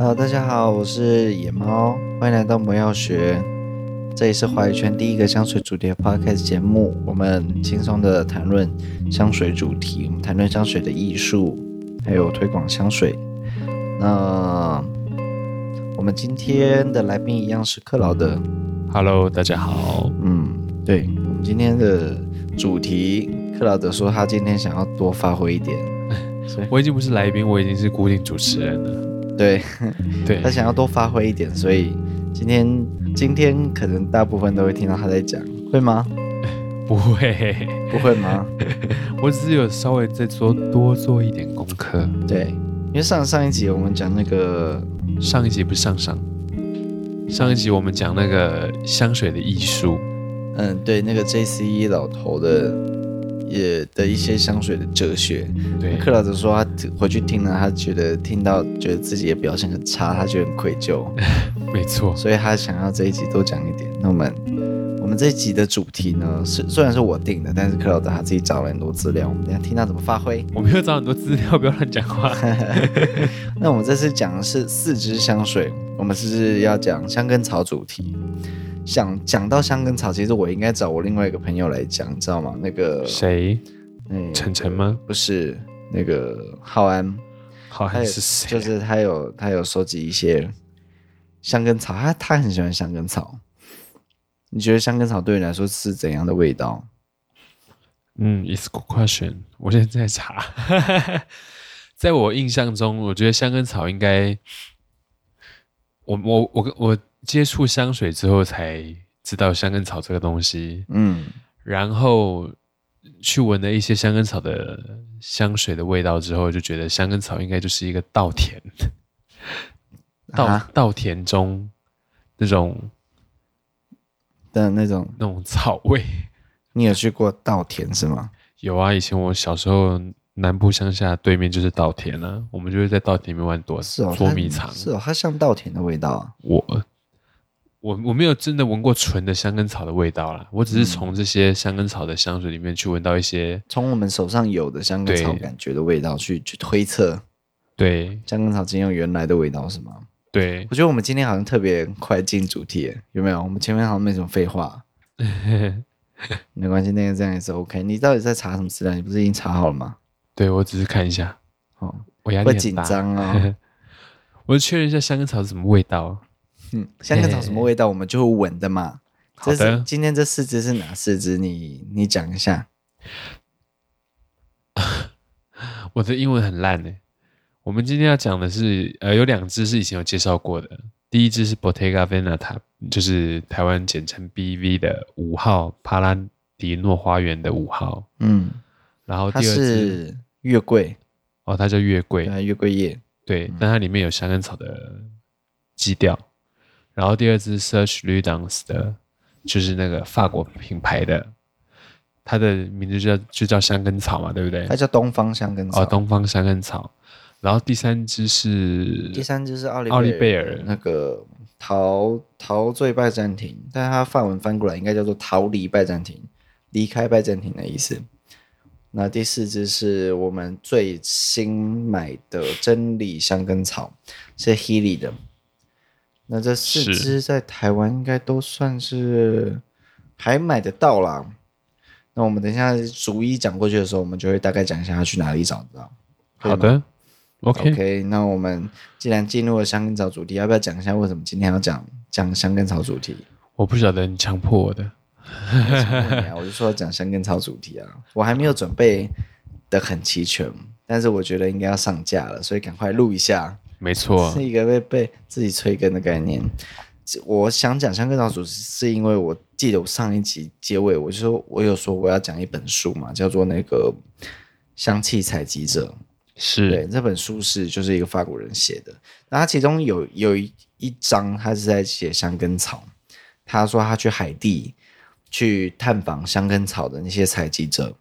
哈嘍、啊，大家好，我是野貓，歡迎來到魔藥學。這裡是華語圈第一個香水主題 podcast 節目，我們輕鬆的談論香水主題，我們談論香水的藝術，還有推廣香水。那我們今天的來賓一樣是克勞德。Hello，大家好。嗯，對，我們今天的主題，克勞德說他今天想要多發揮一點。 我已經不是來賓，我已經是固定主持人了。嗯對，對，他想要多發揮一點，所以今天今天可能大部分都會聽到他在講，會嗎？不會，不會嗎？我只有稍微再做，多做一點功課，對，因為上上一集我們講那個上一集不是上上上一集我們講那個香水的藝術，嗯，對，那個 JCE 老頭的。也、yeah, 的一些香水的哲學，對，克勞德說，他回去聽了，他覺得聽到覺得自己也表現很差，他覺得很愧疚，沒錯錯，所以他想要這一集多講一點。那我們我們這一集的主題呢，雖雖然是我定的，但是克勞德他自己找了很多資料，我們要聽他怎麼發揮。我沒有找很多資料，不要亂講話。 那我們這次講的是四支香水，我們是要講香根草主題。想講，講到香根草，其實我應該找我另外一個朋友來講，你知道嗎？那個誰，那個、晨晨嗎？不是，那個浩安，浩安是誰？就是他有他有收集一些香根草，對他他很喜歡香根草。你覺得香根草對你來說是怎樣的味道？嗯，It's a good question，我現在在查。 在我印象中，我覺得香根草應該，我我我我。我我接觸香水之後才知道香根草這個東西，嗯，然後去聞了一些香根草的香水的味道之後，就覺得香根草應該就是一個稻田，稻、啊、哈稻田中那種的那種那種草味。你有去過稻田是嗎？有啊，以前我小時候南部鄉下對面就是稻田了，啊，我們就會在稻田裡面玩躲，是哦，捉迷藏，是哦，它像稻田的味道啊，我。我我沒有真的聞過純的香根草的味道啦，我只是從這些香根草的香水裡面去聞到一些，從、嗯、我們手上有的香根草感覺的味道去對去推測。對，香根草今天有原來的味道是嗎？對，我覺得我們今天好像特別快進主題，有沒有？我們前面好像沒什麼廢話， 沒關係，那個這樣也是 OK。你到底在查什麼資料、啊？你不是已經查好了嗎？對，我只是看一下，哦，我壓力很緊張啊，會哦、 我要確認一下香根草是什麼味道。嗯，香根草，草什麼味道，欸、我們就會聞的嘛。這是，好的今天這四隻是哪四隻，你你講一下。 我的英文很爛呢、欸，我們今天要講的是，呃，有兩隻是以前有介紹過的。第一隻是 Bottega Veneta，就是台灣簡稱 BV 的五號帕拉迪諾花園的五號。5號，嗯，然後第二隻是月桂，哦，它叫月桂，啊、月桂葉。對，但它裡面有香根草，草的基調。嗯。然後第二支是 Serge Lutens 的，就是那個法國品牌的，它的名字就叫就叫香根草嘛，對不對？它叫東方香根草。哦，東方香根草。然後第三支是第三支是奧利奧利貝爾那個爾陶陶醉拜占庭，但是它范文翻過來應該叫做逃離拜占庭，離開拜占庭的意思。那第四支是我們最新買的真理香根草，是 Heeley 的。那這四支在台灣應該都算是還買得到啦。是那我們等一下逐一講過去的時候，我們就會大概講一下要去哪裡找得到。好的嗎，OK。Okay, 那我們既然進入了香根草主題，要不要講一下為什麼今天要講講香根草主題？我不曉得，你強迫我的， 我就說要講香根草主題啊，我還沒有準備的很齊全，但是我覺得應該要上架了，所以趕快錄一下。沒錯，是一個被被自己催更的概念。我想講香根草主題，是因為我記得我上一集結尾，我就說我有說我要講一本書嘛，叫做《那個香氣採集者》是。是對這本書是就是一個法國人寫的，那他其中有有一一章他是在寫香根草，他說他去海地去探訪香根草的那些採集者，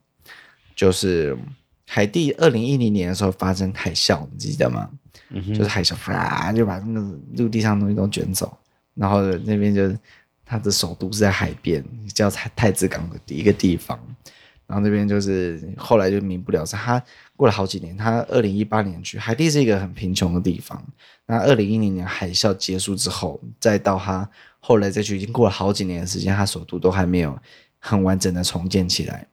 就是海地二零一零年的時候發生海嘯，你記得嗎？ 就是海嘯，就把那個陸地上的東西都卷走，然後那邊就他的首都是在海邊，叫太,太子港的一個地方。然後那邊就是後來就民不聊生，他過了好幾年，他二零一八年去海地是一個很貧窮的地方。那二零一零年海嘯結束之後，再到他後來再去，已經過了好幾年的時間，他首都都還沒有很完整的重建起來，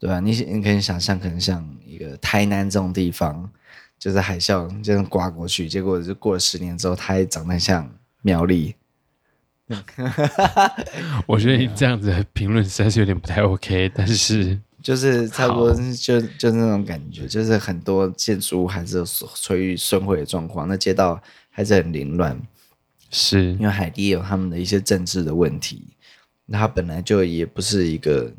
對吧、啊？你你可以想象，可能像一個台南這種地方。就是海嘯這樣刮過去，結果就過了十年之後，他還長得很像苗栗。 我覺得你這樣子的評論實在是有點不太 OK，但是就是差不多就好就，就就是，那種感覺，就是很多建築物還是處於損毀的狀況，那街道還是很凌亂。是，因為海地有他們的一些政治的問題，那他本來就也不是一個。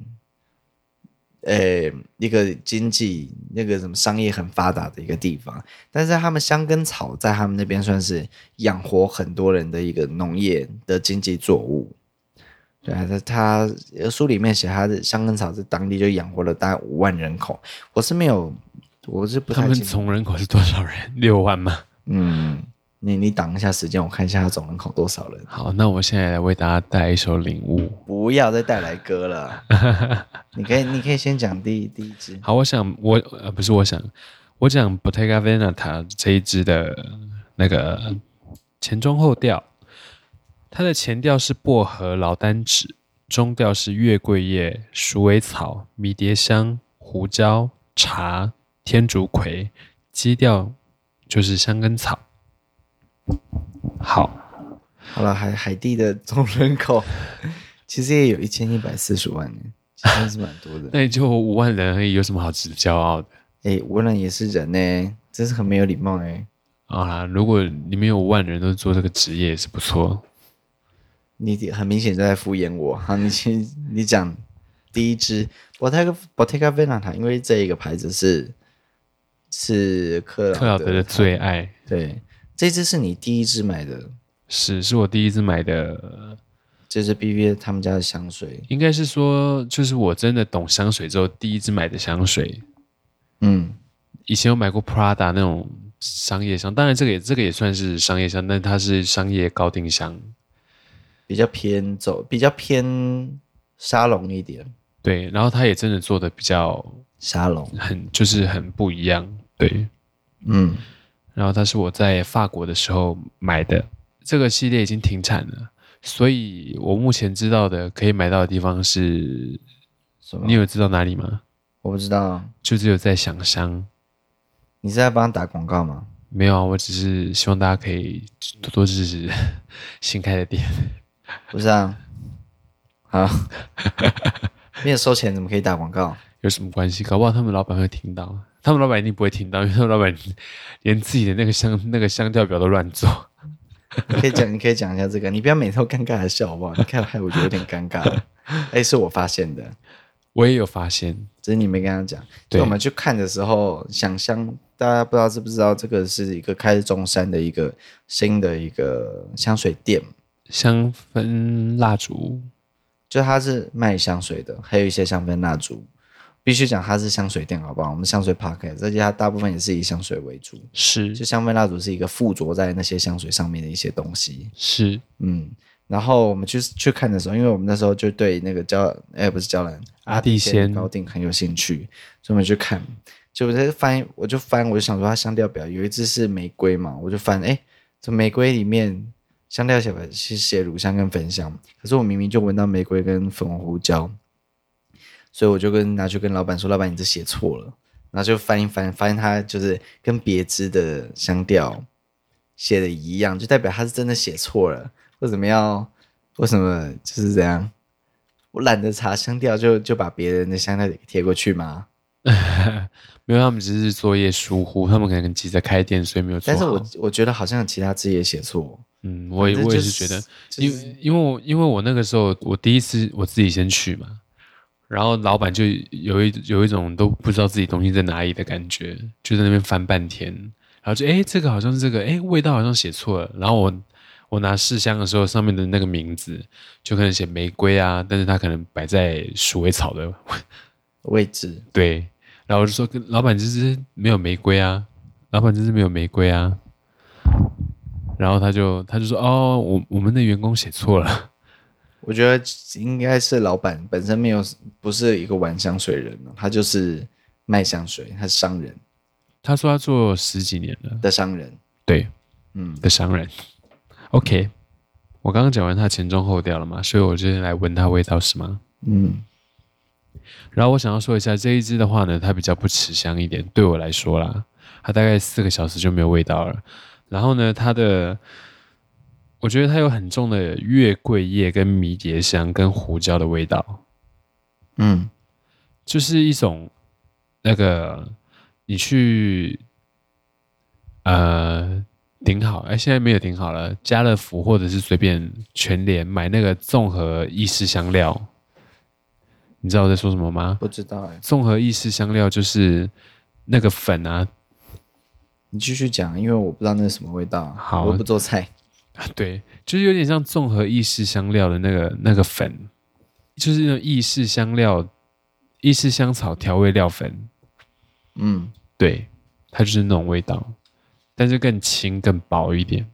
呃、欸，一個經濟那個什麼商業很發達的一個地方，但是他們香根草在他們那邊算是養活很多人的一個農業的經濟作物。對、啊，還是他書裡面寫他，他的香根草在當地就養活了大概五萬人口。我是沒有，我是不太他們總人口是多少人？六萬嗎？嗯。你你擋一下時間，我看一下他總人口多少人？好，那我現在來為大家帶來一首《領悟》。不要再帶來歌了， 你可以你可以先講第一第一支。好，我想我呃不是我想我講 Bottega Veneta 這一支的那個前中後調，它的前調是薄荷、勞丹脂，中調是月桂葉、鼠尾草、迷迭香、胡椒、茶、天竺葵，基調就是香根草。好，好了，海海地的總人口其實也有一千一百四十萬，其實還是蠻多的。 那也就五萬人而已，有什麼好值得驕傲的？哎，五萬人也是人呢，真是很沒有禮貌哎！啊，如果你面有五萬人都是做這個職業，也是不錯。你很明顯在敷衍我哈、啊，你先你講第一支，Bottega Veneta 因為這一個牌子是是克克勞德的，的最愛，對。這支是你第一支買的，是，是我第一支買的，這是 BV 他們家的香水，應該是說，就是我真的懂香水之後第一支買的香水，嗯，以前有買過 Prada 那種商業香，當然這個也這個也算是商業香，但是它是商業高定香，比較偏走，比較偏沙龍一點，對，然後它也真的做的比較沙龍，很就是很不一樣，對，嗯。然後它是我在法國的時候買的，嗯、這個系列已經停產了，所以我目前知道的可以買到的地方是，什麼？你有知道哪裡嗎？我不知道，就只有在想象。你是在幫他打廣告嗎？沒有啊，我只是希望大家可以多多支持、嗯、新開的店。不是啊，好， 沒有收錢怎麼可以打廣告？有什麼關係？搞不好他們老板會聽到。他們老闆一定不會聽到，因為他們老闆連自己的那個香那個香調表都亂做。可以講， 你可以講一下這個，你不要每次都尷尬的笑好不好？你看，還我有點尷尬了。哎、 欸，是我發現的，我也有發現，只是你沒跟他講。對我們去看的時候，想香，大家不知道知不知道，這個是一個開中山的一個新的一個香水店，香氛蠟燭，就它是賣香水的，還有一些香氛蠟燭。必須講它是香水店，好不好？我們香水 park，這家大部分也是以香水為主。是，就香氛蠟燭是一個附着在那些香水上面的一些東西。是，嗯。然後我們去去看的時候，因為我們那時候就對那個嬌，欸，不是嬌蘭，阿蒂仙高定很有興趣，所以我們去看。就我在翻，我就翻，我就想說它香調表有一支是玫瑰嘛，我就翻，欸，這玫瑰裡面香調寫是寫乳香跟焚香，可是我明明就聞到玫瑰跟粉紅胡椒。所以我就跟拿去跟老闆說：“老闆，你這寫錯了。”然後就翻一翻，發現他就是跟別支的香調寫的一樣，就代表他是真的寫錯了，為怎麼樣，為什麼要，為什麼就是這樣。我懶得查香調，就就把別人的香調給貼過去嗎？ 沒有，他們只是作業疏忽，他們可能急着開店，所以沒有。但是我我覺得好像有其他字也寫錯。嗯，我也，就是、我也是覺得，因為、就是、因為我因為我那個時候我第一次我自己先去嘛。然後老闆就有一有一種都不知道自己東西在哪裡的感覺，就在那邊翻半天，然後就哎，這個好像是這個，哎，味道好像寫錯了。然後我我拿試香的時候，上面的那個名字就可能寫玫瑰啊，但是它可能擺在鼠尾草的位位置。對，然後我就說，跟老闆就是沒有玫瑰啊，老闆就是沒有玫瑰啊。然後他就他就說，哦，我我們的員工寫錯了。我覺得應該是老板本身沒有，不是一個玩香水人，他就是賣香水，他是商人，商人。他說他做十幾年了的商人，對，嗯，的商人。OK，我剛剛講完他前中後調了嘛，所以我就是來聞他味道是嗎？嗯。然後我想要說一下這一支的話呢，它比較不持香一點，對我來說啦，它大概四個小時就沒有味道了。然後呢，它的。我覺得它有很重的月桂葉、跟迷迭香、跟胡椒的味道，嗯，就是一種那個你去呃頂好，哎，現在沒有頂好了。家樂福或者是隨便全聯買那個綜合意式香料，你知道我在說什麼嗎？不知道哎。綜合意式香料就是那個粉啊，你繼續講，因為我不知道那是什麼味道。好，我不做菜。對，就是有點像綜合意式香料的那個那個粉，就是那種意式香料、意式香草調味料粉。嗯，對，它就是那種味道，但是更輕、更薄一點。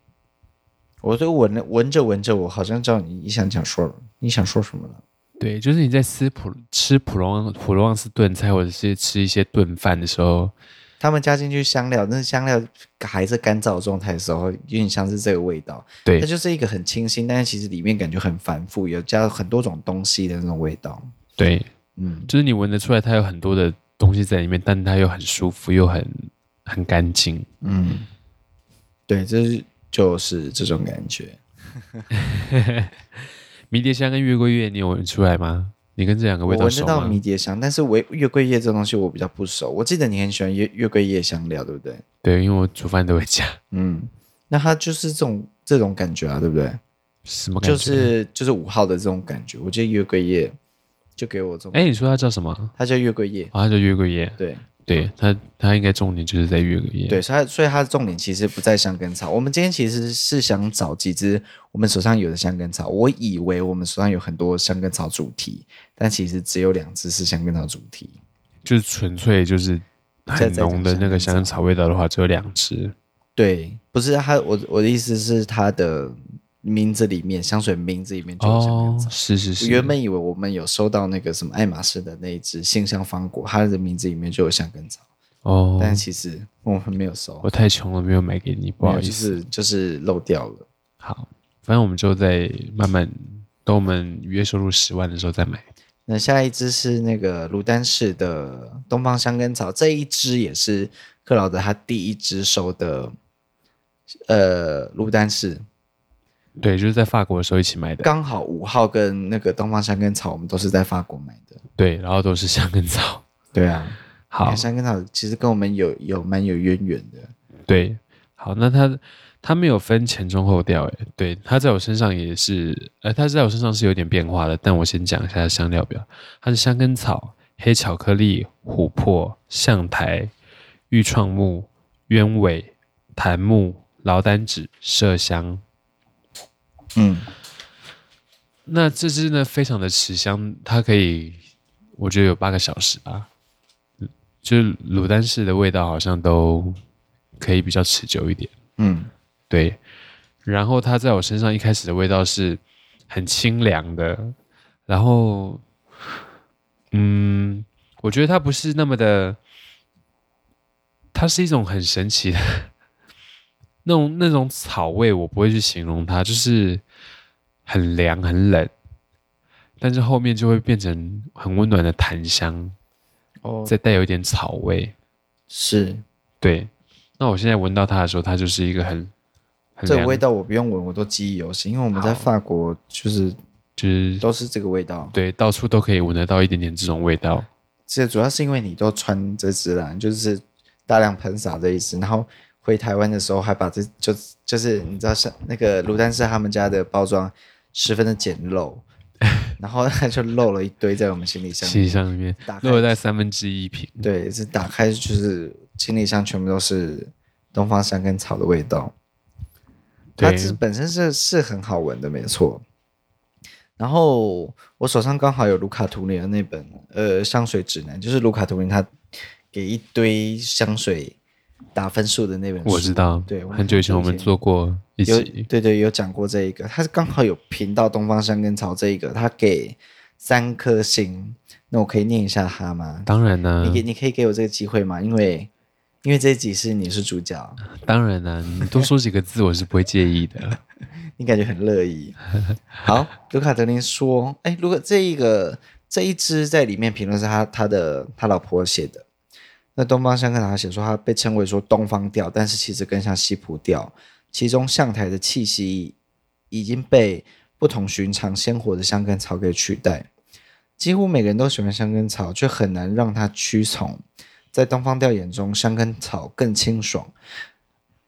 我這聞聞着聞着，我好像知道你你想講說你想說什麼了？對，就是你在普吃普吃普羅普羅旺斯燉菜，或者是吃一些燉飯的時候。他們加進去香料，那香料還是乾燥狀態的時候，有點像是這個味道。對，它就是一個很清新，但是其實裡面感覺很繁複，有加了很多種東西的那種味道。對，嗯，就是你聞得出來，它有很多的東西在裡面，但它又很舒服，又很很乾淨。嗯，對，這是就是這種感覺。 迷迭香跟月桂葉，你有聞出來嗎？你跟這兩個味道熟嗎？我聞得到迷迭香，但是月月桂葉這東西我比較不熟。我記得你很喜歡月月桂葉香料，對不對？對，因為我煮飯都會加。嗯，那它就是這種這種感覺啊，對不對？什麼感覺？就是就是五號的這種感覺。我覺得月桂葉就給我這種……哎，你說它叫什麼？它叫月桂葉啊？哦，它叫月桂葉？對。對他，他應該重點就是在月桂葉。對，所以他，所以它的重點其實不在香根草。我們今天其實是想找幾只我們手上有的香根草。我以為我們手上有很多香根草主題，但其實只有兩只是香根草主題。就是純粹就是很濃的那個香根草味道的話，只有兩只。對，不是他，我我的意思是他的，名字裡面，香水名字裡面就有香根草。哦，是是是。我原本以為我們有收到那個什麼愛馬仕的那一支杏香芳果，它的名字裡面就有香根草。哦，但其實我們沒有收，我太窮了，沒有買給你，嗯，不好意思，就是，就是漏掉了。好，反正我們就在慢慢，等我們月收入十萬的時候再買。那下一支是那個盧丹氏的東方香根草，這一支也是克勞德他第一支收的，呃，盧丹氏。對，就是在法國的時候一起買的。剛好五號跟那個東方香根草，我們都是在法國買的。對，然後都是香根草。對啊，好，香根草其實跟我們有有蠻有淵源的。對，好，那它它沒有分前中後調，哎，對，它在我身上也是、呃，它在我身上是有點變化的。但我先講一下香料表，它是香根草、黑巧克力、琥珀、橡苔、愈創木、鳶尾、檀木、勞丹脂、麝香。嗯，那這支呢，非常的持香，它可以，我覺得有八個小時吧。就蘆丹氏的味道好像都可以比較持久一點。嗯，對。然後它在我身上一開始的味道是很清涼的，嗯、然後，嗯，我覺得它不是那麼的，它是一種很神奇的。 那種那種草味我不會去形容它，就是很涼很冷，但是後面就會變成很溫暖的檀香，oh, 再帶有一點草味，是，對。那我現在聞到它的時候，它就是一個很，很這個味道，我不用聞，我都記憶猶新，因為我們在法國就是好就是都是這個味道，對，到處都可以聞得到一點點這種味道。嗯。其實主要是因為你都穿這支了，就是大量噴灑這一支，然後。回台灣的時候，還把這就就是你知道，像那個盧丹氏他們家的包裝十分的簡陋，然後他就漏了一堆在我們行李箱，行李箱裡面漏 了三分之一瓶。對，是打開就是行李箱全部都是東方香根草的味道，對它只是本身是是很好聞的，沒錯。然後我手上剛好有盧卡圖林的那本呃香水指南，就是盧卡圖林他給一堆香水。打分數的那本書我知道，對，很久以前我們做過一期，對對，有講過這一個，他是剛好有評到東方香根草這一個，他給三顆星，那我可以念一下他嗎？當然呢、啊，你給你可以給我這個機會嗎？因為因為這一集是你是主角，當然呢、啊，你多說幾個字我是不會介意的， 你感覺很樂意。好，盧卡德林說，哎，如果這一個這一支在裡面評論是他他的他老婆寫的。那東方香根草寫說它被稱為說東方調，但是其實更像西普調。其中香台的氣息已經被不同尋常鮮活的香根草給取代。幾乎每個人都喜歡香根草，卻很難讓它屈從。在東方調眼中，香根草更清爽，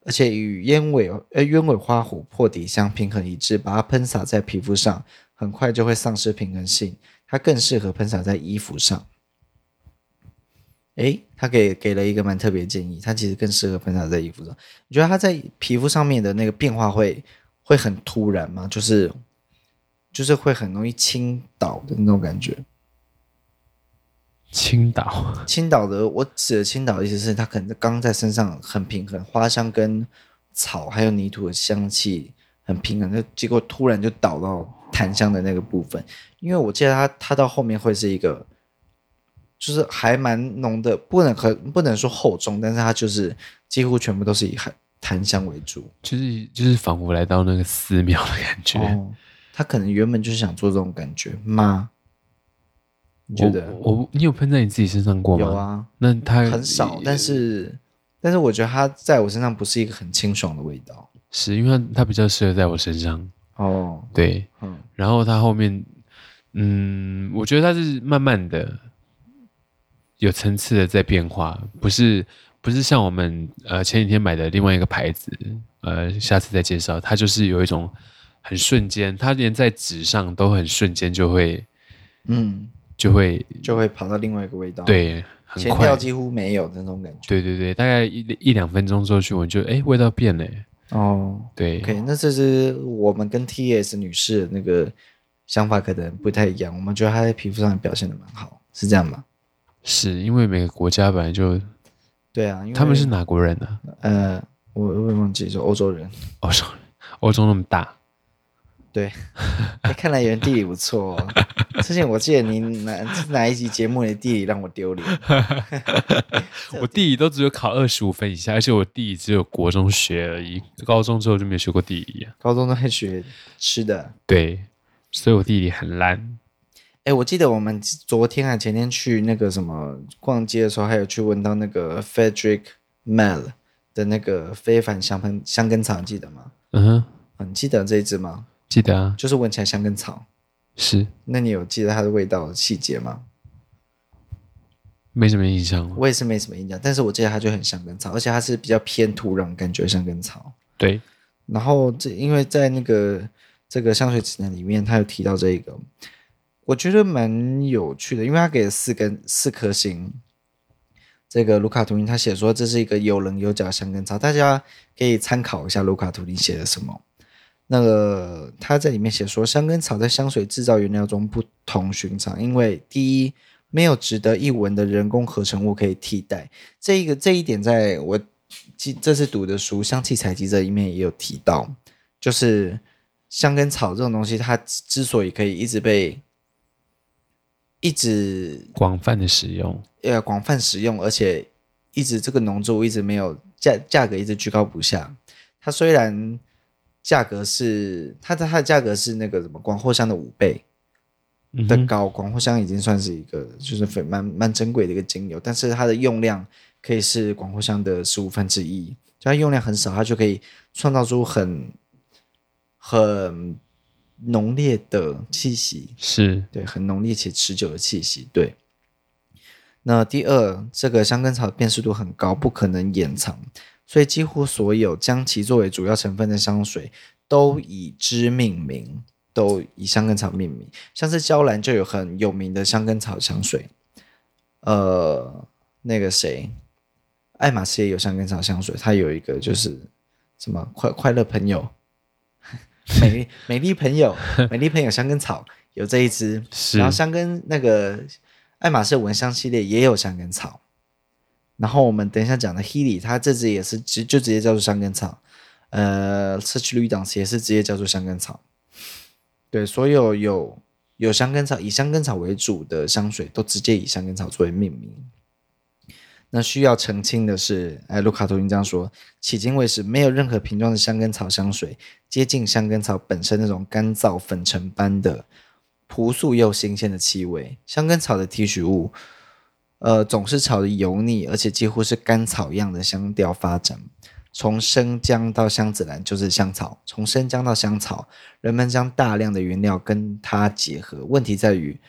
而且與鳶尾呃鳶尾花琥珀底香平衡一致。把它噴灑在皮膚上，很快就會喪失平衡性。它更適合噴灑在衣服上。哎、欸。他給給了一個蠻特別建議，他其實更適合噴灑在衣服上。你覺得它在皮膚上面的那個變化會會很突然嗎？就是就是會很容易傾倒的那種感覺。傾倒？傾倒的，我指的傾倒意思是它可能剛在身上很平衡，花香跟草還有泥土的香氣很平衡，那結果突然就倒到檀香的那個部分。因為我記得它它到後面會是一個。就是還蠻濃的，不能很，不能說厚重，但是它就是幾乎全部都是以檀檀香為主，就是就是仿佛來到那個寺廟的感覺。他、哦、可能原本就是想做這種感覺嗎？你覺得？我,我你有噴在你自己身上過嗎？有啊。那他它很少，也但是但是我覺得它在我身上不是一個很清爽的味道，是因為它,它比較適合在我身上哦。對，嗯，然後它後面，嗯，我覺得它是慢慢的。有層次的在變化，不是不是像我們呃前幾天買的另外一個牌子，呃，下次再介紹。它就是有一種很瞬間，它連在紙上都很瞬間就會，嗯，就會就會跑到另外一個味道，對，很快前調幾乎沒有那種感覺。對對對，大概一一兩分鐘之後去聞，就、欸、哎，味道變了、欸、哦。對可以，okay, 那這是我們跟 TS 女士的那個想法可能不太一樣，我們覺得她在皮膚上表現的蠻好，是這樣嗎？是因為每個國家本來就，對啊，他們是哪國人呢？啊。呃，我我有點忘記，是歐洲人。歐洲人，歐洲那麼大，對、哎，看來原地理不錯哦。之前 我記得您哪哪一集節目，的地理讓我丟臉。 我地理都只有考二十五分以下，而且我地理只有國中學而已，高中之後就沒學過地理啊。高中都還學吃的。對，所以我地理很爛。哎、欸，我記得我們昨天啊、前天去那個什麼逛街的時候，還有去聞到那個 Frederic Malle 的那個非凡香氛香根草，記得嗎？嗯、uh huh. 啊，你記得這一支嗎？記得啊，就是聞起來香根草。是，那你有記得它的味道的細節嗎？沒什麼印象、啊。我也是沒什麼印象，但是我記得它就很香根草，而且它是比較偏土壤，感覺香根草。對，然後這因為在那個這個香水指南裡面，它有提到這一個。我覺得蠻有趣的，因為他給了四根四顆星。這個盧卡圖林他寫說，這是一個有稜有角香根草，大家可以參考一下盧卡圖林寫的什麼。那個他在裡面寫說香根草在香水製造原料中不同尋常，因為第一，沒有值得一聞的人工合成物可以替代。這一個這一點在我記這次讀的書《香氣採集者》這裡面也有提到，就是香根草這種東西它之所以可以一直被一直廣泛的使用，呃、啊，廣泛使用，而且一直這個農作物一直沒有價，價格一直居高不下。它雖然價格是它的它的價格是那個什麼廣藿香的五倍，嗯、哼的高，廣藿香已經算是一個就是蠻蠻珍貴的一個精油，但是它的用量可以是廣藿香的十五分之一，2, 就它用量很少，它就可以創造出很很。濃烈的氣息，是對，很濃烈且持久的氣息。對，那第二，這個香根草辨識度很高，不可能掩藏，所以幾乎所有將其作為主要成分的香水都以之命名，都以香根草命名。像是嬌蘭就有很有名的香根草香水，呃，那個誰，愛馬仕也有香根草香水，它有一個就是、嗯、什麼快快樂朋友。 美美麗朋友，美麗朋友香根草有這一支。 是然後香根那個愛馬仕蚊香系列也有香根草，然後我們等一下講的 Heeley，它這支也是直就直接叫做香根草，呃，Serge Lutens 也是直接叫做香根草，對，所有有有香根草、以香根草為主的香水都直接以香根草作為命名。那需要澄清的是，哎，盧卡圖林這樣說：迄今為止，沒有任何瓶裝的香根草香水接近香根草本身那種乾燥、粉塵般的、樸素又新鮮的氣味。香根草的提取物，呃，總是朝着油膩，而且幾乎是乾草一樣的香調發展。從生薑到香子蘭就是香草，從生薑到香草，人們將大量的原料跟它結合。問題在於。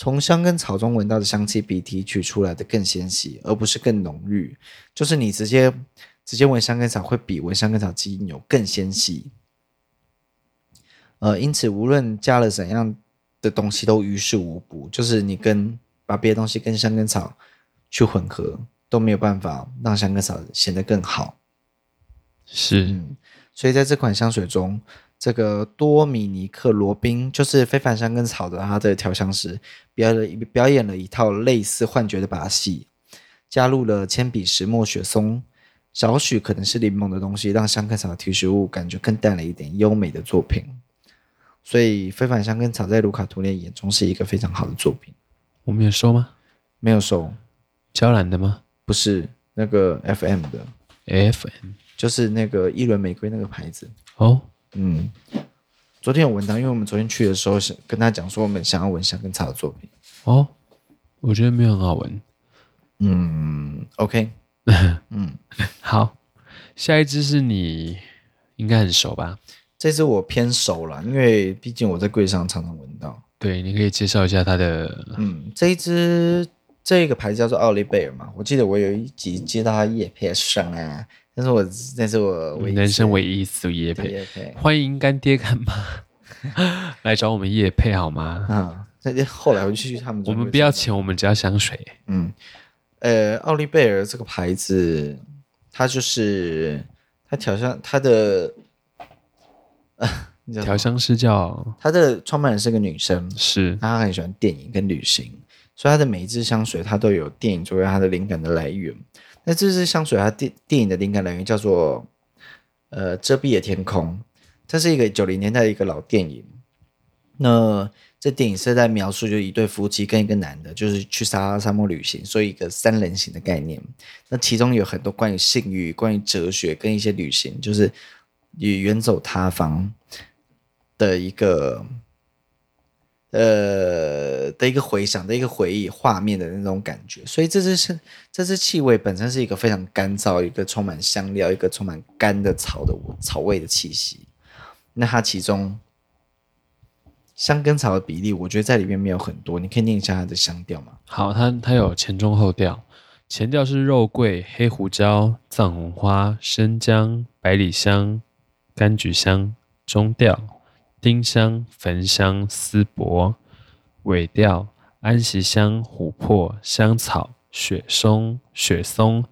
從香根草中聞到的香氣比提取出來的更纖細，而不是更濃郁。就是你直接直接聞香根草，會比聞香根草精油更纖細。呃，因此無論加了怎樣的東西都於事無補。就是你跟把別的東西跟香根草去混合，都沒有辦法讓香根草顯得更好。是、嗯，所以在這款香水中。這個多米尼克·羅賓就是非凡香根草的，他的調香師表演了一表演了一套類似幻覺的把戲，加入了鉛筆、石墨、雪松，少許可能是檸檬的東西，讓香根草的提取物感覺更淡了一點，優美的作品。所以，非凡香根草在盧卡圖林眼中是一個非常好的作品。我們有收嗎？沒有收，嬌蘭的嗎？不是，那個 FM 的 FM 就是那個一輪玫瑰那個牌子哦。Oh? 嗯，昨天有聞到，因為我們昨天去的時候，是跟他講說我們想要聞香根草的作品。哦，我覺得沒有很好聞。嗯，OK。 嗯，好，下一支是你，應該很熟吧？這支我偏熟了，因為畢竟我在櫃上常常聞到。對，你可以介紹一下它的。嗯，這一支這一個牌子叫做奧利貝爾嘛？我記得我有一集接到它也偏上啊。那是我，那是我，我一生男生唯一一次業配，配，歡迎乾爹乾媽 來找我們業配好嗎？啊，那後來我就去，去他們。我們不要錢，我們只要香水。嗯，呃，奧利貝爾這個牌子，它就是它調香，它的、啊、調香師叫它的創辦人是個女生，是她很喜歡電影跟旅行，所以她的每一支香水，她都有電影作為她的靈感的來源。那這支香水它電電影的靈感來源叫做，呃，遮蔽的天空，它是一個九零年代的一個老電影。那這電影是在描述就一對夫妻跟一個男的，就是去撒哈拉沙漠旅行，所以一個三人行的概念。那其中有很多關於性慾、關於哲學跟一些旅行，就是與遠走他方的一個。呃的一個回想的一個回憶畫面的那種感覺，所以這支是這支氣味本身是一個非常乾燥，一個充滿香料，一個充滿乾的草的草味的氣息。那它其中香根草的比例，我覺得在裡面沒有很多。你可以念一下它的香調嗎？好，它它有前中後調，前調是肉桂、黑胡椒、藏紅花、生薑、百里香、柑橘香，中調。丁香、焚香、絲柏、尾調、安息香、琥珀、香草、雪松、雪松、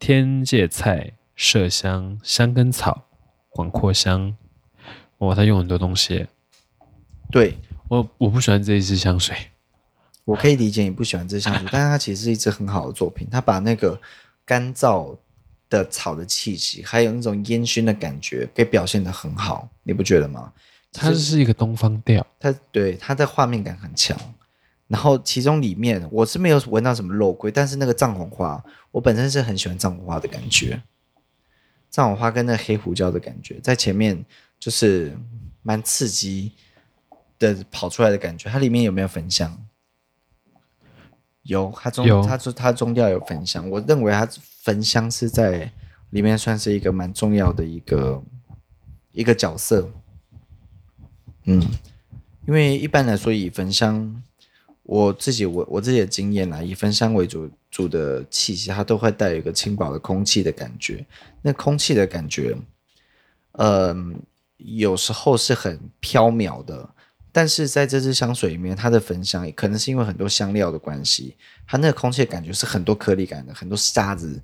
天芥菜、麝香、香根草、廣藿香。我、哦、他用很多東西。對我，我不喜歡這一支香水。我可以理解你不喜歡這支香水， 但是它其實是一支很好的作品。它把那個乾燥的草的氣息，還有那種煙燻的感覺，給表現得很好，你不覺得嗎？它是一個東方調，它對它的畫面感很強。然後其中裡面我是沒有聞到什麼肉桂，但是那個藏紅花，我本身是很喜歡藏紅花的感覺。藏紅花跟那黑胡椒的感覺，在前面就是蠻刺激的跑出來的感覺。它裡面有沒有焚香？有，它中有它中它中調有焚香，我認為它焚香是在裡面算是一個蠻重要的一個一個角色。嗯，因為一般來說以焚香，我自己我我自己的經驗啦，以焚香為主主的氣息，它都會帶有一個輕薄的空氣的感覺。那空氣的感覺，嗯、呃，有時候是很飄渺的，但是在這支香水裡面，它的焚香也可能是因為很多香料的關係，它那個空氣的感覺是很多顆粒感的，很多沙子，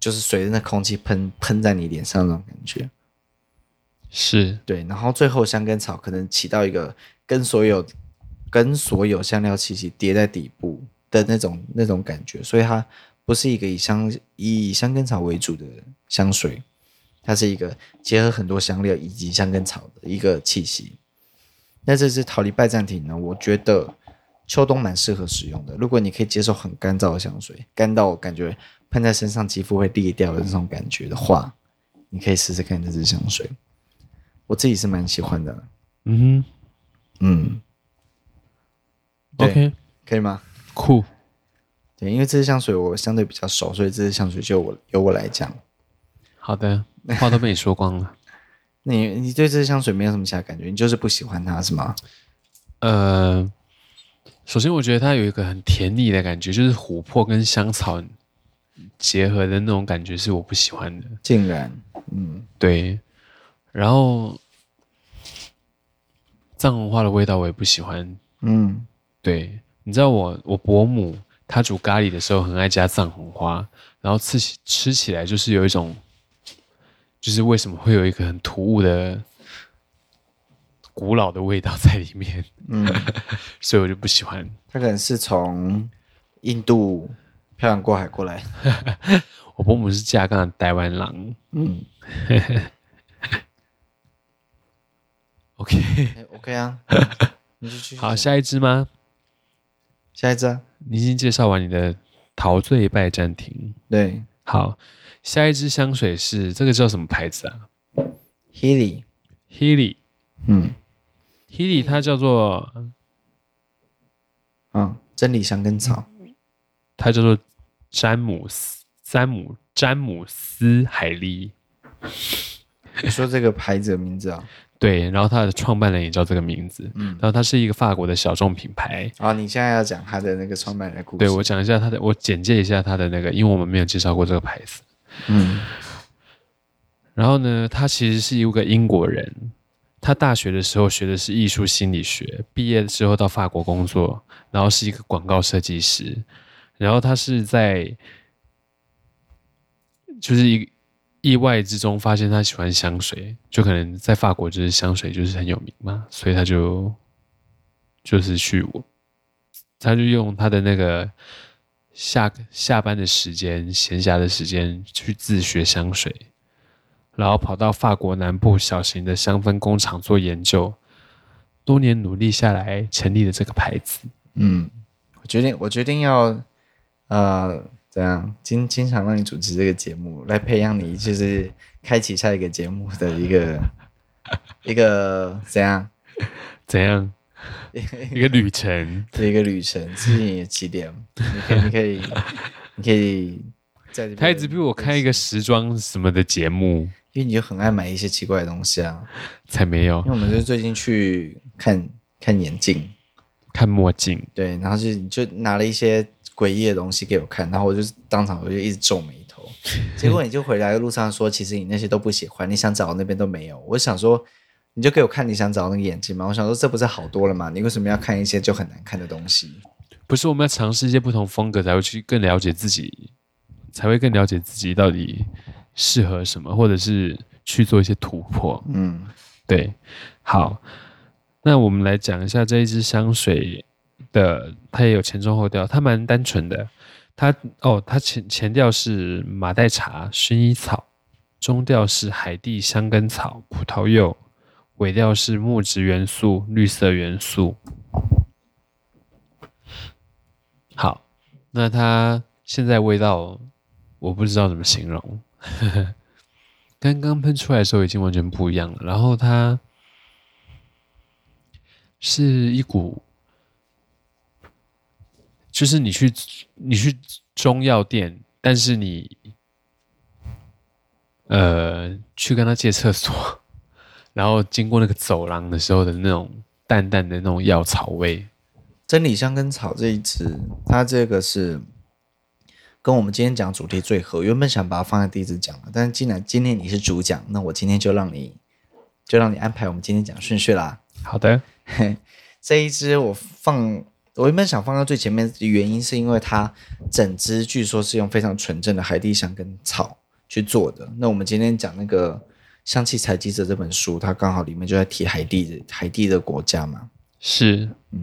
就是隨着那空氣噴噴在你臉上的那種感覺。是對，然後最後香根草可能起到一個跟所有跟所有香料氣息疊在底部的那種那種感覺，所以它不是一個以香以香根草為主的香水，它是一個結合很多香料以及香根草的一個氣息。那這支陶醉拜占庭呢，我覺得秋冬蠻適合使用的。如果你可以接受很乾燥的香水，乾到我感覺噴在身上肌膚會裂掉的這種感覺的話，你可以試試看這支香水。我自己是蠻喜歡的，嗯，哼嗯，嗯，OK，可以嗎？酷，Cool. 對，因為這支香水我相對比較熟，所以這支香水就我由我來講。好的，話都被你說光了。 那你你對這支香水沒有什麼其他感覺？你就是不喜歡它，是嗎？呃，首先我覺得它有一個很甜膩的感覺，就是琥珀跟香草結合的那種感覺是我不喜歡的。竟然，嗯，對，然後。藏紅花的味道我也不喜歡，嗯，對，你知道我我伯母她煮咖喱的時候很愛加藏紅花，然後吃吃起來就是有一種，就是為什麼會有一個很突兀的古老的味道在裡面，嗯， 所以我就不喜歡。她可能是從印度漂洋過海過來， 我伯母是嫁給台灣郎，嗯。 OK，OK 啊，Okay. 好，下一支嗎？下一支、啊，你已經介紹完你的《陶醉拜占庭》。對，好，下一支香水是這個叫什麼牌子啊？Heeley，Heeley，He aly. 嗯，Heeley，它叫做啊、嗯，真理香根草，它叫做詹姆斯，詹姆詹姆斯海莉，你說這個牌子的名字啊？ 對，然後他的創辦人也叫這個名字，嗯，然後他是一個法國的小眾品牌。啊、哦，你現在要講他的那個創辦人故事？對，我講一下他的，我簡介一下他的那個，因為我們沒有介紹過這個牌子，嗯。然後呢，他其實是一個英國人，他大學的時候學的是藝術心理學，畢業的時候到法國工作，然後是一個廣告設計師，然後他是在，就是一個。意外之中發現他喜歡香水，就可能在法國，就是香水就是很有名嘛，所以他就就是去，我他就用他的那個下下班的時間、閒暇的時間去自學香水，然後跑到法國南部小型的香氛工廠做研究，多年努力下來，成立了這個牌子。嗯，我決定，我決定要呃。怎樣？經經常讓你主持這個節目，來培養你，就是開啟下一個節目的一個 一個怎樣怎樣一個旅程，這一個旅程，這是你的起點。你可以，你可以， 你可以在這邊，他一直逼我開一個時裝什麼的節目，因為你就很愛買一些奇怪的東西啊。才沒有，因為我們就最近去看看眼鏡，看墨鏡。對，然後就就拿了一些。詭異的東西給我看，然後我就當場我就一直皺眉頭。結果你就回來的路上說，其實你那些都不喜歡， 你想找的那邊都沒有。我想說，你就給我看你想找的那個眼睛嘛？我想說，這不是好多了嗎？你為什麼要看一些就很難看的東西？不是我們要嘗試一些不同風格，才會去更了解自己，才會更了解自己到底適合什麼，或者是去做一些突破。嗯，對，好，嗯、那我們來講一下這一支香水。的它也有前中後調，它蠻單純的。它哦，它前前調是馬黛茶、薰衣草，中調是海地香根草、葡萄柚，尾調是木質元素、綠色元素。好，那它現在味道我不知道怎麼形容。 剛剛噴出來的時候已經完全不一樣了，然後它是一股。就是你去你去中藥店，但是你呃去跟他借廁所，然後經過那個走廊的時候的那種淡淡的那種藥草味。真理香根草這一支，它這個是跟我們今天講主題最合，原本想把它放在第一支講，但是既然今天你是主講，那我今天就讓你就讓你安排我們今天講順序啦。好的，嘿，這一支我放。我原本想放到最前面的原因，是因為它整支據說是用非常純正的海地香根草去做的。那我們今天講那個《香氣採集者》這本書，它剛好裡面就在提海地，海地的國家嘛。是，嗯，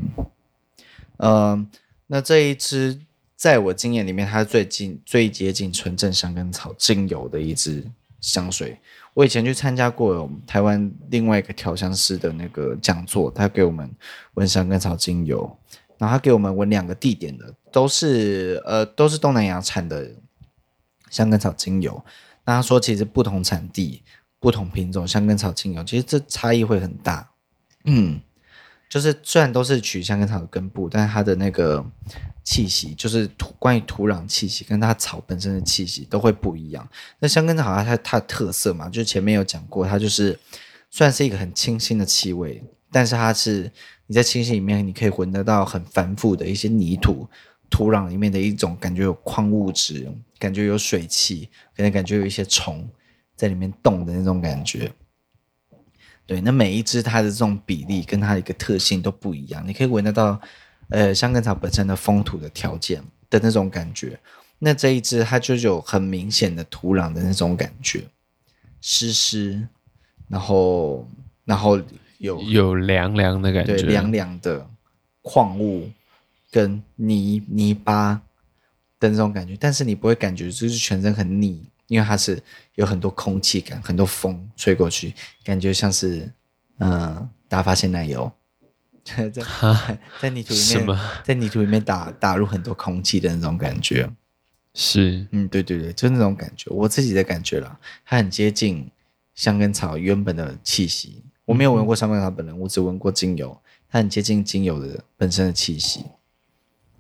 呃，那這一支在我經驗裡面，它最近最接近純正香根草精油的一支香水。我以前去參加過我們台灣另外一個調香師的那個講座，他給我們聞香根草精油。然後他給我們聞兩個地點的，都是呃都是東南亞產的香根草精油。那他說，其實不同產地、不同品種香根草精油，其實這差異會很大。嗯，就是雖然都是取香根草的根部，但是它的那個氣息，就是土關於土壤氣息跟它草本身的氣息都會不一樣。那香根草它它，它的特色嘛，就是前面有講過，它就是算是一個很清新的氣味，但是它是。你在清新裡面，你可以聞得到很繁複的一些泥土、土壤裡面的一種感覺，有礦物質，感覺有水汽，可能感覺有一些蟲在裡面動的那種感覺。對，那每一隻它的這種比例跟它的一個特性都不一樣，你可以聞得到，呃，香根草本身的風土的條件的那種感覺。那這一隻它就有很明顯的土壤的那種感覺，濕濕，然後，然後。有有涼涼的感覺，對，涼涼的礦物跟泥泥巴的那種感覺，但是你不會感覺就是全身很膩，因為它是有很多空氣感，很多風吹過去，感覺像是、呃、嗯，打發鮮奶油在 在泥土裡面，麼在泥土裡面打打入很多空氣的那種感覺，是嗯，對對對，就那種感覺，我自己的感覺啦，它很接近香根草原本的氣息。我沒有聞過香奈兒本人，嗯，我只聞過精油，它很接近精油的本身的氣息。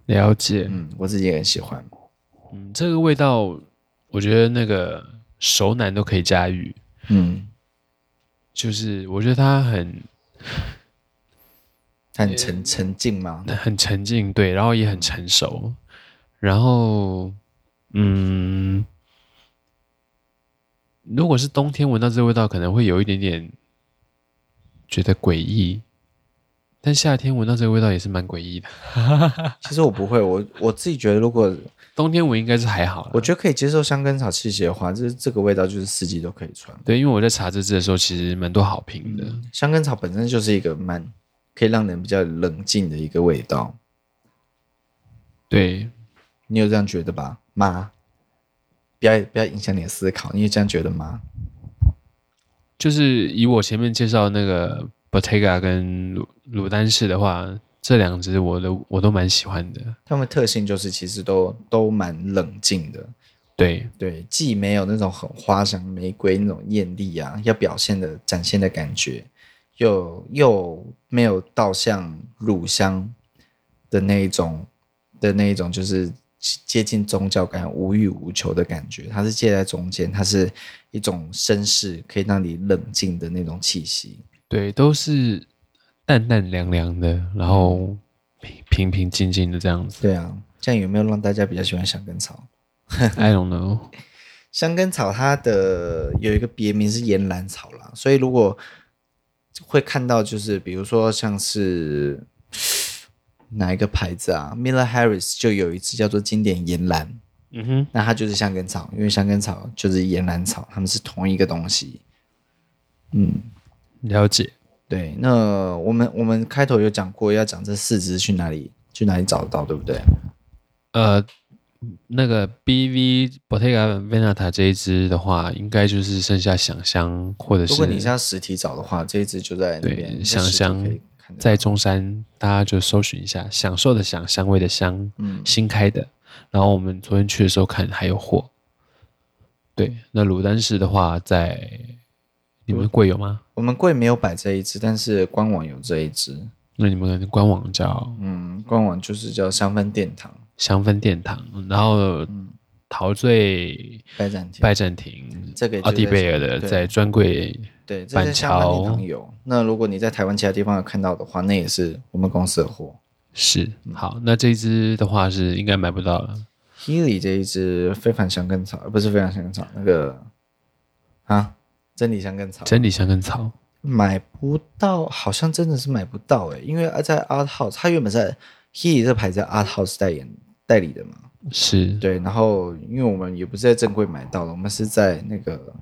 了解。嗯，我自己也很喜歡。嗯，這個味道，我覺得那個熟男都可以駕馭。嗯，就是我覺得他很，很沉沉嗎？欸，很沉沉靜嘛，很沉靜，對，然後也很成熟，然後，嗯，如果是冬天聞到這個味道，可能會有一點點。覺得詭異，但夏天聞到這個味道也是蠻詭異的。 其實我不會，我我自己覺得，如果冬天聞，應該是還好。我覺得可以接受香根草氣息的話，這、就是、這個味道就是四季都可以穿。對，因為我在查這支的時候，其實蠻多好評的、嗯。香根草本身就是一個蠻可以讓人比較冷靜的一個味道。對，你有這樣覺得吧？媽，不要不要影響你的思考，你有這樣覺得嗎？就是以我前面介紹的那個 Bottega 跟蘆蘆丹氏的話，這兩隻我都我都蠻喜歡的。它們的特性就是其實都都蠻冷靜的。對對，既沒有那種很花香玫瑰那種豔麗啊，要表現的、展現的感覺，又又沒有倒像乳香的那一種的那一種就是。接近宗教感，無慾無求的感覺，它是介在中間，它是一種紳士，可以讓你冷靜的那種氣息。對，都是淡淡涼涼的，然後平平平靜靜的這樣子。對啊，這樣有沒有讓大家比較喜歡香根草 ？I don't know。香根草它的有一個別名是岩蘭草啦，所以如果會看到，就是比如說像是。哪一個牌子啊？Miller Harris 就有一只叫做經典岩蘭，嗯哼，那它就是香根草，因為香根草就是岩蘭草，他們是同一個東西。嗯，了解。對，那我們我們開頭有講過要講這四只去哪裡去哪裡找到，對不對？呃，那個 B V Bottega Veneta 這一只的話，應該就是剩下香香或者是如果你是要實體找的話，這一只就在那邊香香。在中山，大家就搜尋一下“享受的享，香味的香”。嗯，新開的。然後我們昨天去的時候看還有貨。對，那蘆丹氏的話在，在你們櫃有嗎？我們櫃沒有擺這一支，但是官網有這一支。那你們的官網叫？嗯，官網就是叫“香氛殿堂”。香氛殿堂。然後、嗯陶醉拜占庭，拜占庭這個阿迪貝爾的了在專櫃，對板橋，對，這有。那如果你在台灣其他地方有看到的話，那也是我們公司的貨。是好，嗯、那這一支的話是應該買不到了。Heeley 這一支非凡香根草，不是非凡香根草那個啊，真理香根草。真理香根草買不到，好像真的是買不到誒、欸，因為在 Art House，他原本在 Heeley 這牌子在 Art House 代言代理的嘛。是對，然後因為我們也不是在正櫃買到的，我們是在那個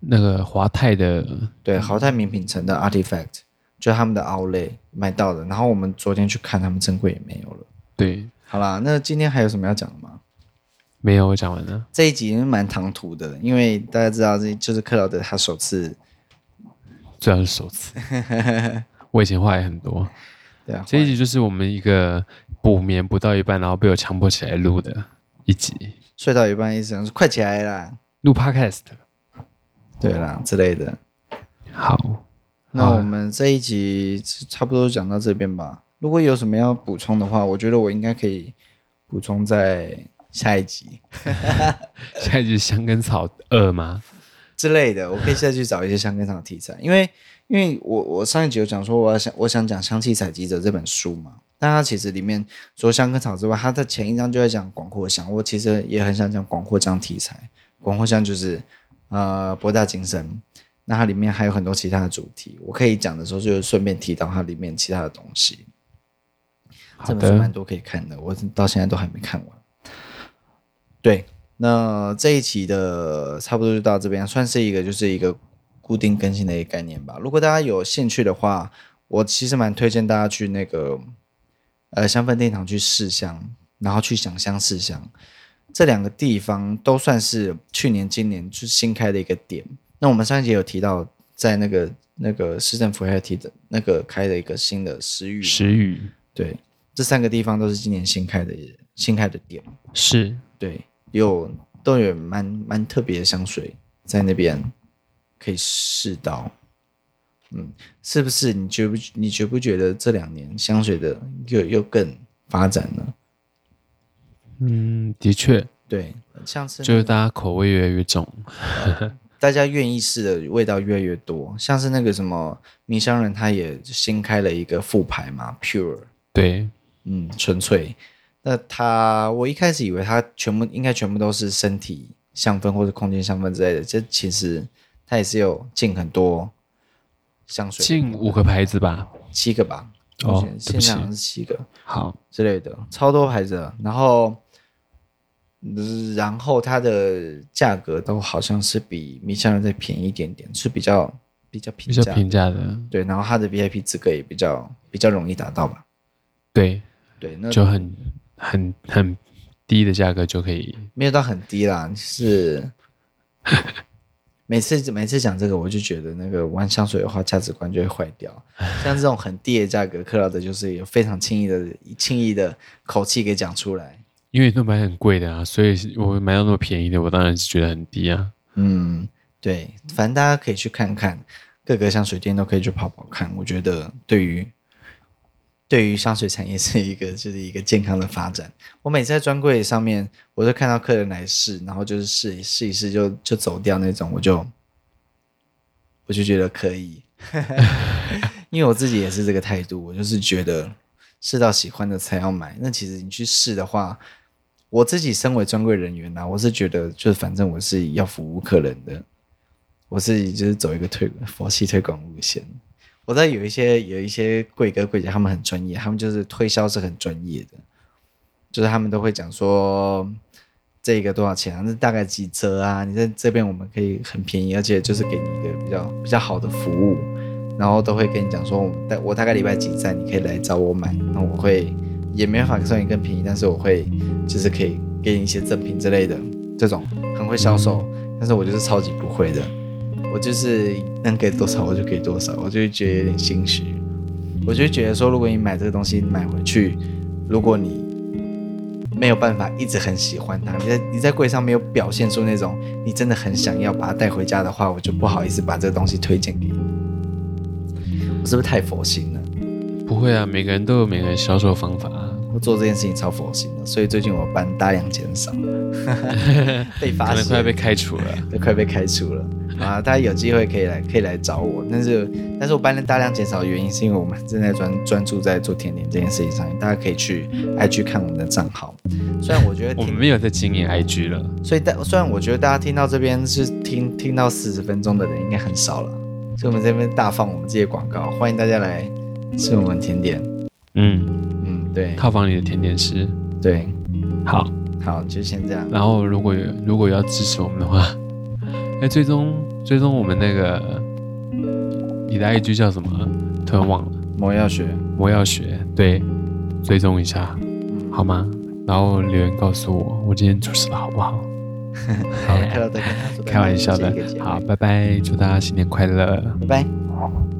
那個華泰的對華泰名品城的 Artifact，就他們的 o u t l outlet 買到的。然後我們昨天去看他們正櫃也沒有了。對，好啦，那今天還有什麼要講的嗎？沒有，我講完了。這一集蠻唐突的，因為大家知道這就是克勞德他首次，最好是首次， 我以前話也很多。對啊，這一集就是我們一個補眠補到一半，然後被我強迫起來錄的一集。睡到一半一直說快起來啦，錄 Podcast，對啦之類的。好，那我們這一集差不多講到這邊吧。啊、如果有什麼要補充的話，我覺得我應該可以補充在下一集。 下一集香根草二嗎？之類的，我可以再去找一些香根草的題材，因為因為我我上一集有講說我要想我想講《香氣採集者》這本書嘛，但它其實裡面除了香根草之外，它的前一章就在講廣闊香，我其實也很想講廣闊香題材，廣闊香就是呃博大精深，那它裡面還有很多其他的主題，我可以講的時候就順便提到它裡面其他的東西。好的。這本書蠻多可以看的，我到現在都還沒看完。對。那這一期的差不多就到這邊，算是一個就是一個固定更新的一個概念吧。如果大家有興趣的話，我其實蠻推薦大家去那個呃香氛殿堂去試香，然後去想香試香，這兩個地方都算是去年、今年就新開的一個點。那我們上一節有提到，在那個那個市政府還提的那個開了一個新的時雨時雨，雨對，這三個地方都是今年新開的新開的點，是對。有，都有蠻蠻特別的香水在那邊可以試到，嗯，是不是？你覺不？你覺不覺得這兩年香水的又又更發展了？嗯，的確，對，像是那個，就是大家口味越來越重， 呃、大家願意試的味道越來越多。像是那個什麼迷香人，他也新開了一個副牌嘛，Pure，對，嗯，純粹。那他，我一開始以為他全部應該全部都是身體香氛或者空間香氛之類的，這其實他也是有進很多香水，進五個牌子吧，七個吧，哦，現在好像是七個，嗯、好之類的，超多牌子。然後，呃、然後它的價格都好像是比米香蘭再便宜一點點，是比較比較平比較平價的，價的對。然後它的 VIP 資格也比較比較容易達到吧，對對，那就很。很很低的價格就可以，沒有到很低啦，就是每次每次講這個，我就覺得那個玩香水的話價值觀就會壞掉。 像這種很低的價格，克勞德就是有非常輕易的、輕易的口氣給講出來，因為都買很貴的啊,所以我買到那麼便宜的，我當然是覺得很低啊。嗯，對，反正大家可以去看看，各個香水店都可以去跑跑看。我覺得對於。對於香水產業是一個就是一個健康的發展。我每次在專櫃上面，我都看到客人來試，然後就是試一試一試就就走掉那種，我就我就覺得可以， 因為我自己也是這個態度，我就是覺得試到喜歡的才要買。那其實你去試的話，我自己身為專櫃人員呢、啊，我是覺得就是反正我是要服務客人的，我自己就是走一個推廣、佛系推廣路線。我在有一些有一些櫃哥櫃姐，他們很專業，他們就是推銷是很專業的，就是他們都會講說這個多少錢啊？那大概幾折啊？你在這邊我們可以很便宜，而且就是給你一個比較比較好的服務，然後都會跟你講說，我我大概禮拜幾在，你可以來找我買，那我會也沒辦法算你更便宜，但是我會就是可以給你一些贈品之類的，這種很會銷售，但是我就是超級不會的。我就是能給多少我就給多少，我就覺得有點心虛。我就覺得說，如果你買這個東西買回去，如果你沒有辦法一直很喜歡它，你在你在櫃上沒有表現出那種你真的很想要把它帶回家的話，我就不好意思把這個東西推薦給你。我是不是太佛心了？不會啊，每個人都有每個人銷售方法啊。我做這件事情超佛心的，所以最近我班大量減少了， 被罰錢， 可能快被開除了，都快被開除了。好啊，大家有機會可以來，可以來找我。但是，但是我搬人大量減少的原因是因為我們正在專專注在做甜點這件事情上，大家可以去 IG 看我們的賬號。雖然我覺得我們沒有在經營 IG 了，嗯，所以大雖然我覺得大家聽到這邊是聽聽到四十分鐘的人應該很少了，所以我們這邊大放我們這些廣告，歡迎大家來吃我們甜點。嗯嗯，對，套房裡的甜點師，對，好，好，就先這樣。然後如，如果有如果要支持我們的話。哎，追蹤追蹤我們那個，你的 IG 叫什麼？突然忘了。魔藥學。魔藥學，對，追蹤一下，嗯、好嗎？然後留言告訴我，我今天主持的好不好？呵呵好的，開玩笑的，嗯、好，拜拜，祝大家新年快樂，嗯、拜拜。